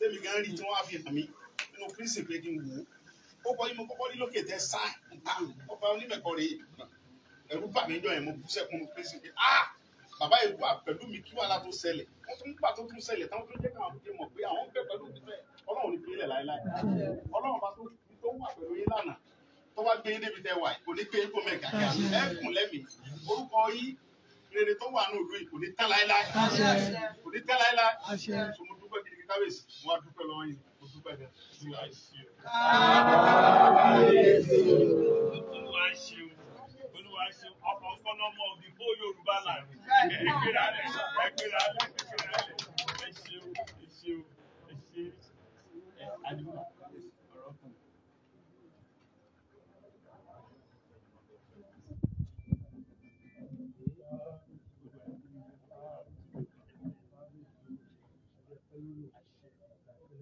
tẹ́mi gan rí tí wọ́n á fi hàn mí nínú kírísì pé kí n wò ó ó kọ́ yín mo kọ́kọ́ rí lókè tẹ sáì táwọn ọba onímẹ̀kọ rèé ẹ̀rú bà mí jọ yẹn mo bú sẹ́kún mo kírísì pé ah bàbá yìí wà pẹ̀lú mi kí wàhálà tó ṣẹlẹ̀ wọ́n tún gbà tó tún ṣẹlẹ̀ táwọn tó jẹ́ káwọn fi mọ̀ pé àwọn bẹ̀ pẹ̀lú ìfẹ́ ọlọ́run ní fi ilẹ̀ láéláé ọlọ́run bá tó tó wà pẹ̀lú yín lánàá tó bá gbé yín débi tẹ́ wà yìí kò ní gbé yín mẹ́ gàgà ẹ̀kùn lẹ́mìí orúkọ yín rere tó wà ní òdo yìí kò ní tán láéláé kò ní tán láéláé kábíyèsí wọn á dúpẹ́ lọ́wọ́ yìí mo dúpẹ́ dẹ sí àìsí o. kábíyèsí. olúwa ṣeun olúwa ṣeun ọkọ̀ fọ́nọ́mọ́ òbí bó yorùbá là ń rẹ̀ gbéra rẹ̀.